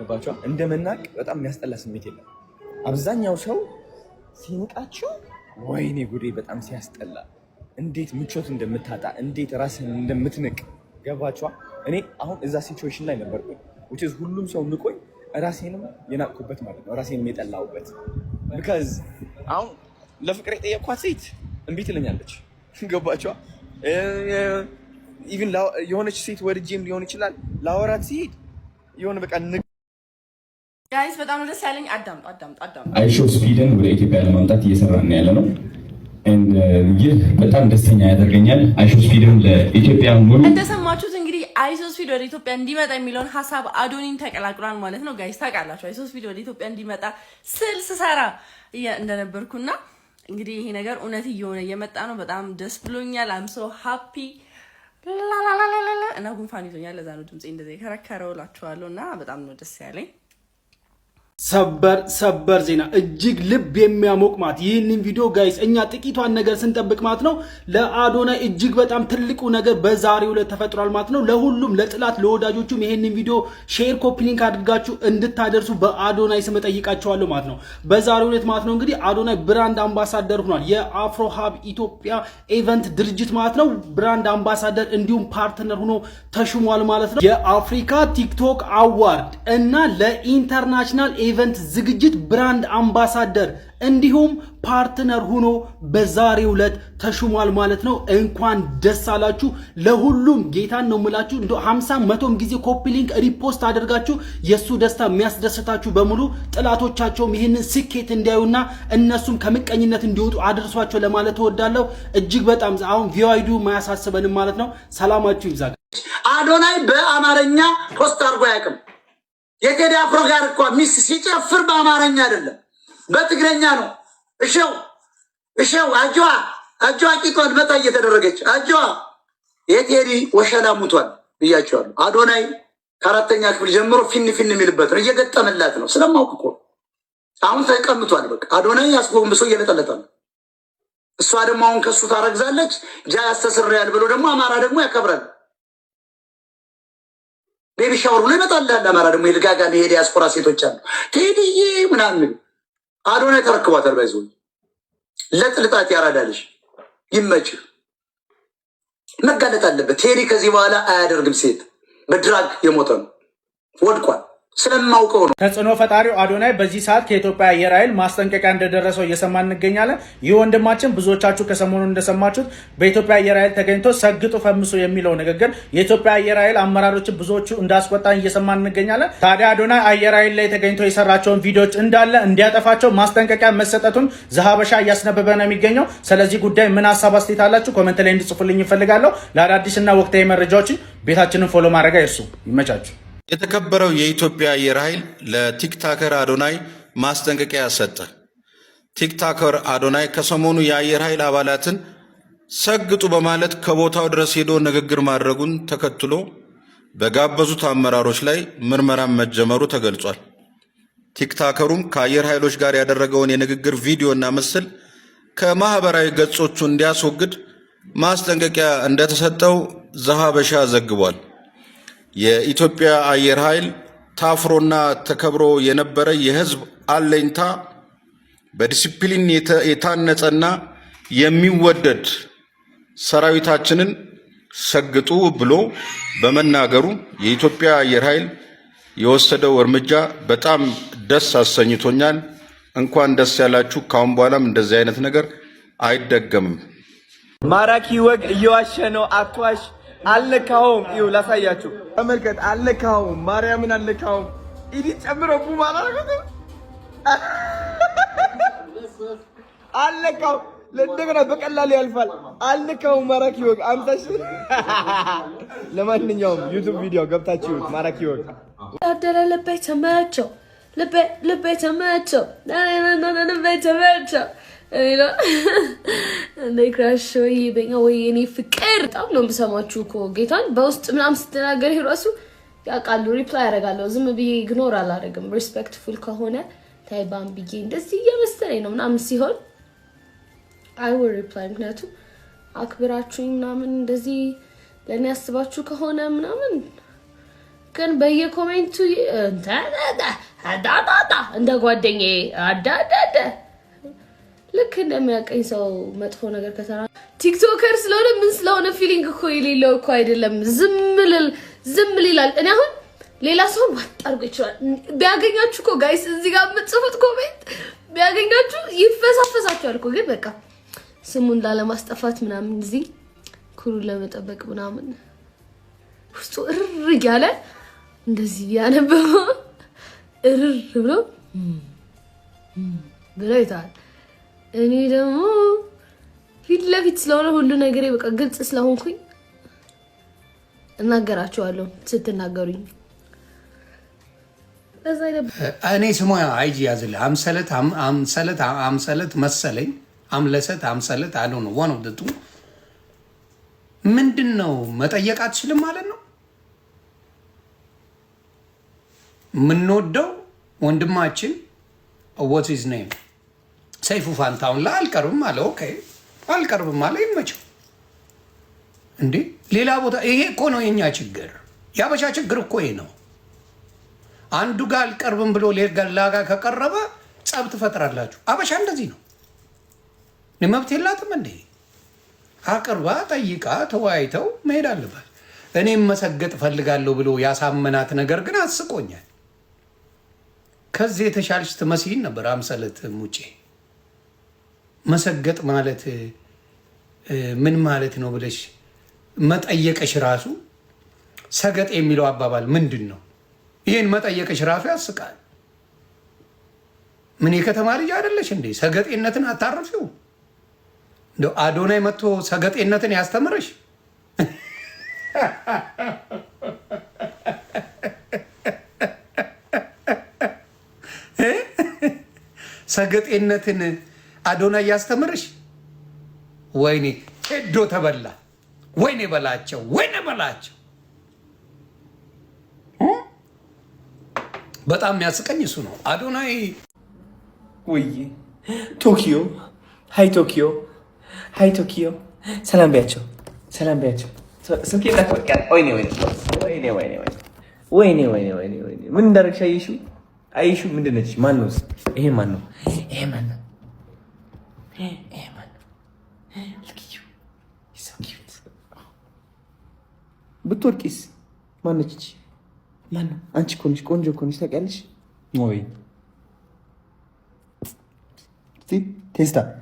ገባቸዋ። እንደ መናቅ በጣም የሚያስጠላ ስሜት የለም። አብዛኛው ሰው ሲንቃቸው ወይኔ ጉዴ በጣም ሲያስጠላ፣ እንዴት ምቾት እንደምታጣ፣ እንዴት ራስን እንደምትንቅ ገባቸዋ። እኔ አሁን እዛ ሲትዌሽን ላይ ነበርኩኝ። ሁሉም ሰው ንቆኝ ራሴንም የናቅኩበት ማለት ነው። ራሴንም የጠላሁበት ቢካዝ አሁን ለፍቅር የጠየቅኳት ሴት እምቢ ትለኛለች። ገባቸዋ። ኢቭን የሆነች ሴት ወድጄም ሊሆን ይችላል ላወራት ሲሄድ የሆነ በቃ ጋይስ በጣም ደስ ያለኝ አዳምጡ አዳምጡ አዳምጡ። አይሾ ስፒድን ወደ ኢትዮጵያ ለማምጣት እየሰራን ነው ያለ ነው። uh, ይህ በጣም ደስተኛ ያደርገኛል። አይሾ ስፒድም ለኢትዮጵያ ሙሉ እንደሰማችሁት እንግዲህ አይሶ ስፒድ ወደ ኢትዮጵያ እንዲመጣ የሚለውን ሀሳብ አዶኒን ተቀላቅሏል ማለት ነው። ጋይስ ታውቃላችሁ አይሶ ስፒድ ወደ ኢትዮጵያ እንዲመጣ ስል ስሰራ እንደነበርኩና እንግዲህ ይሄ ነገር እውነት እየሆነ እየመጣ ነው። በጣም ደስ ብሎኛል። አም ሶ ሃፒ እና ጉንፋን ይዞኛል። ለዛ ነው ድምፄ እንደዚህ የከረከረው እላችኋለሁ። እና በጣም ነው ደስ ያለኝ። ሰበር ሰበር ዜና እጅግ ልብ የሚያሞቅ ማለት ይህንን ቪዲዮ ጋይስ እኛ ጥቂቷን ነገር ስንጠብቅ ማለት ነው ለአዶናይ እጅግ በጣም ትልቁ ነገር በዛሬው ዕለት ተፈጥሯል ማለት ነው። ለሁሉም ለጥላት ለወዳጆቹም ይህንን ቪዲዮ ሼር ኮፒ ሊንክ አድርጋችሁ እንድታደርሱ በአዶናይ ስም እጠይቃችኋለሁ ማለት ነው። በዛሬው ዕለት ማለት ነው እንግዲህ አዶናይ ብራንድ አምባሳደር ሆኗል። የአፍሮ ኢትዮጵያ ኢቨንት ድርጅት ማለት ነው ብራንድ አምባሳደር እንዲሁም ፓርትነር ሆኖ ተሹሟል ማለት ነው። የአፍሪካ ቲክቶክ አዋርድ እና ለኢንተርናሽናል ኢቨንት ዝግጅት ብራንድ አምባሳደር እንዲሁም ፓርትነር ሆኖ በዛሬው ዕለት ተሹሟል ማለት ነው። እንኳን ደስ አላችሁ ለሁሉም። ጌታን ነው የምላችሁ እንደ 50 መቶም ጊዜ ኮፒ ሊንክ ሪፖስት አድርጋችሁ የእሱ ደስታ የሚያስደስታችሁ በሙሉ ጥላቶቻቸውም ይህንን ስኬት እንዲያዩና እነሱም ከምቀኝነት እንዲወጡ አድርሷቸው ለማለት እወዳለሁ። እጅግ በጣም አሁን ቪዋይዱ ማያሳስበንም ማለት ነው። ሰላማችሁ ይብዛ። አዶናይ በአማርኛ ፖስት አድርጎ አያውቅም። የገዳ ፕሮግራም እኮ ሚስ ሲጨፍር በአማርኛ አይደለም በትግረኛ ነው። እሸው እሸው አጅዋ አጅዋ ቂጦን መጣ እየተደረገች አጅዋ የቴዲ ወሸላ ሙቷል ብያቸዋለሁ። አዶናይ ከአራተኛ ክፍል ጀምሮ ፊን ፊን የሚልበት ነው። እየገጠመላት ነው ስለማውቅ እኮ አሁን ተቀምቷል በቃ አዶናይ አስጎንብሶ እየለጠለጠ ነው። እሷ ደግሞ አሁን ከሱ ታረግዛለች። ጃ ያስተስርያል ብሎ ደግሞ አማራ ደግሞ ያከብራል። ቤቢ ሻወር ብሎ ያለ አማራ ደግሞ የልጋጋ የልጋጋሚ የዲያስፖራ ሴቶች አሉ። ቴዲዬ ምናምን አዶና ተረክቧታል። ባይዞ ለጥልጣት ያራዳልሽ ይመች መጋለጥ አለበት ቴዲ። ከዚህ በኋላ አያደርግም። ሴት በድራግ የሞተ ነው፣ ወድቋል። ስለማውቀው ነው። ተጽዕኖ ፈጣሪው አዶናይ በዚህ ሰዓት ከኢትዮጵያ አየር ኃይል ማስጠንቀቂያ እንደደረሰው እየሰማ እንገኛለን። ይህ ወንድማችን ብዙዎቻችሁ ከሰሞኑ እንደሰማችሁት በኢትዮጵያ አየር ኃይል ተገኝቶ ሰግጡ ፈምሱ የሚለው ንግግር የኢትዮጵያ አየር ኃይል አመራሮችን ብዙዎቹ እንዳስቆጣን እየሰማ እንገኛለን። ታዲያ አዶናይ አየር ኃይል ላይ ተገኝቶ የሰራቸውን ቪዲዮዎች እንዳለ እንዲያጠፋቸው ማስጠንቀቂያ መሰጠቱን ዘሀበሻ እያስነበበ ነው የሚገኘው። ስለዚህ ጉዳይ ምን ሀሳብ አስተያየት አላችሁ? ኮመንት ላይ እንድጽፉልኝ ይፈልጋለሁ። ለአዳዲስና ወቅታዊ መረጃዎችን ቤታችንን ፎሎ ማድረግ አይርሱ። ይመቻችሁ። የተከበረው የኢትዮጵያ አየር ኃይል ለቲክታከር አዶናይ ማስጠንቀቂያ ሰጠ። ቲክታከር አዶናይ ከሰሞኑ የአየር ኃይል አባላትን ሰግጡ በማለት ከቦታው ድረስ ሄዶ ንግግር ማድረጉን ተከትሎ በጋበዙት አመራሮች ላይ ምርመራን መጀመሩ ተገልጿል። ቲክታከሩም ከአየር ኃይሎች ጋር ያደረገውን የንግግር ቪዲዮና ምስል ከማኅበራዊ ገጾቹ እንዲያስወግድ ማስጠንቀቂያ እንደተሰጠው ዘሀበሻ ዘግቧል። የኢትዮጵያ አየር ኃይል ታፍሮና ተከብሮ የነበረ የህዝብ አለኝታ በዲሲፕሊን የታነጸና የሚወደድ ሰራዊታችንን ሰግጡ ብሎ በመናገሩ የኢትዮጵያ አየር ኃይል የወሰደው እርምጃ በጣም ደስ አሰኝቶኛል። እንኳን ደስ ያላችሁ። ካሁን በኋላም እንደዚህ አይነት ነገር አይደገምም። ማራኪ ወግ እየዋሸ ነው አኳሽ አልነካኸውም። ይኸው ላሳያችሁ፣ ተመልከት። አልነካኸውም፣ ማርያምን አልነካኸውም። ኢዲት ጨምሮ ቡም አላደረገውም። አልነካኸውም። እንደገና በቀላሉ ያልፋል። አልነካኸውም። ማራኪ ወግ አምሳሽ። ለማንኛውም ዩቱብ ቪዲዮ ገብታችሁ ማራኪ ወግ ታደለ። ልቤ ተመቸው፣ ልቤ ተመቸው፣ ልቤ ተመቸው እንደ ክራሽ ወይ በኛ ወይ እኔ ፍቅር በጣም ነው የምሰማችሁ እኮ ጌታን በውስጥ ምናምን ስትናገር ራሱ ያውቃሉ። ሪፕላይ ያደርጋለሁ። ዝም ብዬ ኢግኖር አላደርግም። ሪስፔክትፉል ከሆነ ታይ ባምብዬ እንደዚህ እየመሰለኝ ነው ምናምን ሲሆን አይ ዊል ሪፕላይ። ምክንያቱም አክብራችሁኝ ምናምን እንደዚህ ለእኔ ያስባችሁ ከሆነ ምናምን ግን በየኮሜንቱ እንደ ጓደኛዬ አዳዳደ ልክ እንደሚያቀኝ ሰው መጥፎ ነገር ከሰራ ቲክቶከር ስለሆነ ምን ስለሆነ ፊሊንግ እኮ የሌለው እኮ አይደለም። ዝም ይላል። እኔ አሁን ሌላ ሰው ባጣርጎ ይችላል። ቢያገኛችሁ እኮ ጋይስ፣ እዚህ ጋር የምጽፉት ኮሜንት ቢያገኛችሁ ይፈሳፈሳችኋል እኮ ግን በቃ ስሙን ላለማስጠፋት ምናምን እዚህ ኩሩን ለመጠበቅ ምናምን ውስጡ እርር እያለ እንደዚህ ያነበበ እርር ብሎ ብሎ ይተዋል። እኔ ደግሞ ፊት ለፊት ስለሆነ ሁሉ ነገር በቃ ግልጽ ስለሆንኩኝ እናገራቸዋለሁ። ስትናገሩኝ እኔ ስሙ አይጂ ያዝል አምሰለት አምሰለት አምሰለት መሰለኝ አምለሰት አምሰለት አለ ነው ዋን ኦፍ ቱ ምንድን ነው መጠየቅ አትችልም ማለት ነው። የምንወደው ወንድማችን ወት ኢዝ ኔም ሰይፉ ፋንታውን ላይ አልቀርብም አለ። ኦኬ አልቀርብም አለ። ይመቸው እንዴ ሌላ ቦታ። ይሄ እኮ ነው የኛ ችግር፣ የአበሻ ችግር እኮ ይሄ ነው። አንዱ ጋር አልቀርብም ብሎ ሌላ ጋር ከቀረበ ጸብ ትፈጥራላችሁ። አበሻ እንደዚህ ነው። መብት የላትም እንዴ? አቅርባ ጠይቃ ተወያይተው መሄድ አለባት። እኔም መሰገጥ እፈልጋለሁ ብሎ ያሳመናት ነገር ግን አስቆኛል። ከዚህ የተሻለች ትመስይን ነበር አምሰለት ሙጬ መሰገጥ ማለት ምን ማለት ነው ብለሽ መጠየቀሽ ራሱ ሰገጥ የሚለው አባባል ምንድን ነው? ይህን መጠየቀሽ ራሱ ያስቃል። ምን የከተማ ልጅ አይደለሽ እንዴ? ሰገጤነትን አታርፊው። እንደ አዶናይ መጥቶ ሰገጤነትን ያስተምርሽ። ሰገጤነትን አዶና እያስተምርሽ ወይኔ ሄዶ ተበላ። ወይኔ በላቸው፣ ወይኔ በላቸው። በጣም የሚያስቀኝ እሱ ነው። አዶናይ ውይ ቶኪዮ፣ ሀይ ቶኪዮ፣ ሀይ ቶኪዮ። ሰላም ቢያቸው፣ ሰላም ቢያቸው። ስልኬ ወይኔ ወይኔ ወይኔ ወይኔ ወይኔ ወይኔ ምን እንዳደረግሽ? አየሽው? አየሽው? ምንድን ነች? ማን ነው? ይሄ ማን ነው? ይሄ ማን ነው? ብትወድቂስ? ማነች እቺ? ማነው? አንቺ እኮ ነሽ፣ ቆንጆ እኮ ነሽ። ታውቂያለሽ ወይ ቴስታ